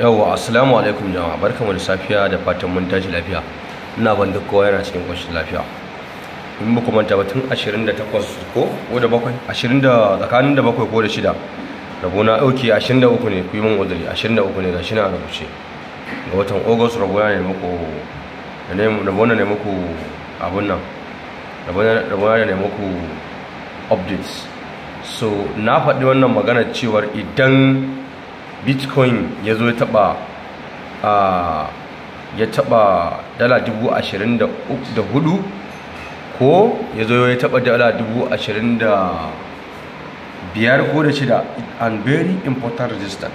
yawwa assalamu alaikum jama'a barkamu da safiya da fatan mun tashi lafiya ina ban duk kowa yana cikin koshin lafiya in ba manta ba tun 28 ko ko da bakwai 20 da tsakanin da bakwai ko da shida rabona ɗauki 23 ne ku yi min uzuri 23 ne shi na rubuce ga watan august rabona ne muku rabona ne muku abun nan rabona ne muku updates so na faɗi wannan maganar cewar idan bitcoin ya zo ya taba ya taba dala dubu ashirin da hudu ko ya zo ya taba dala dubu ashirin da biyar ko da shida and very important register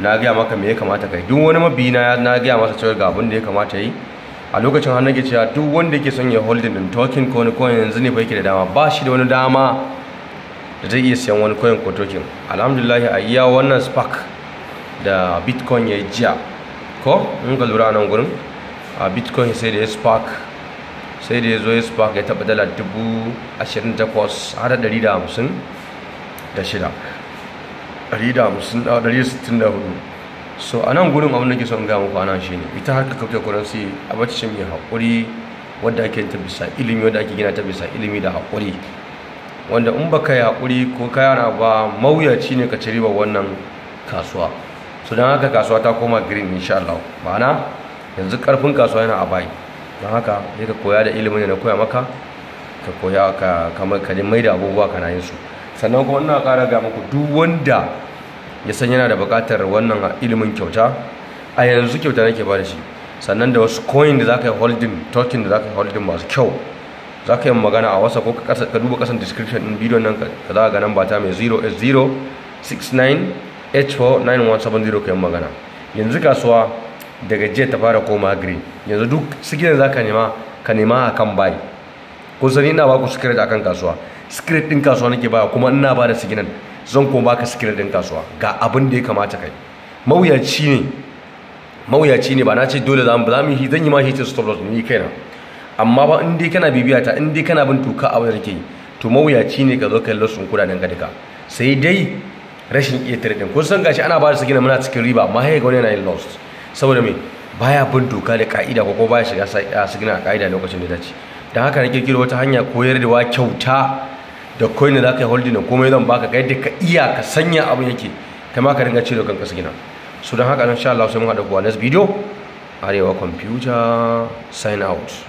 na gaya maka me ya kamata kai duk wani mabina na gaya masa cewa ga abin da ya kamata yi a lokacin har nake cewa duk wanda yake son ya holding din token ko wani yanzu ne fa yake da dama ba shi da wani dama da zai iya siyan wani coin ko token alhamdulillah a iya wannan spark da bitcoin ya yi jiya ko in ga lura nan gurin a bitcoin sai da ya spark sai da ya zo ya spark ya taɓa dala dubu ashirin takwas har da ɗari da hamsin da shida ɗari da hamsin ɗari sittin da hudu so a nan gurin abin da ke son gaya muku anan shi ne ita harka kafta kuransi a bacci mai haƙuri wadda ake ta bisa ilimi wadda ake gina ta bisa ilimi da haƙuri wanda in baka yi haƙuri ko kayana ba mawuyaci ne ka ci riba wannan kasuwa so don haka kasuwa ta koma green insha Allah ma'ana yanzu karfin kasuwa yana a bayi don haka sai ka koya da ilimin da na koya maka ka koya ka kamar ka mai da abubuwa kana yin su sannan kuma ina ƙara ga muku duk wanda ya san yana da bukatar wannan ilimin kyauta a yanzu kyauta nake ba da shi sannan da wasu coin da zaka yi holding token da zaka yi holding masu kyau za ka yi magana a wasa ko ka duba kasan description ɗin bidiyon nan ka za ka ga nan mai 0 s h 9170 ka magana yanzu kasuwa daga jiya ta fara koma green yanzu duk sikirin za ka nema ka nema a kan bai ko sani ina baku sikirin kan kasuwa sikirin din kasuwa nake baya kuma ina ba da sikirin zan kuma baka sikirin din kasuwa ga abin da ya kamata kai mawuyaci ne mawuyaci ne ba na ce dole za mu zan yi ma hitin stop loss ni kaina amma ba in dai kana bibiya ta in dai kana bin tuka a wajen ke to mawuyaci ne ka zo kai loss din kudaden ka duka sai dai rashin iya trading kun san gashi ana ba da sakina muna cikin riba amma haika wani yana lost saboda me baya bin doka da ka'ida ko ko baya shiga sakina a ka'ida lokacin da dace don haka na kirkiro wata hanya koyar da wa kyauta da koi da za ka yi holding da komai zan baka ga da ka iya ka sanya abin yake kai ma ka ringa cire kanka sakina su don haka sha Allah sai mun hada kuwa next video arewa computer sign out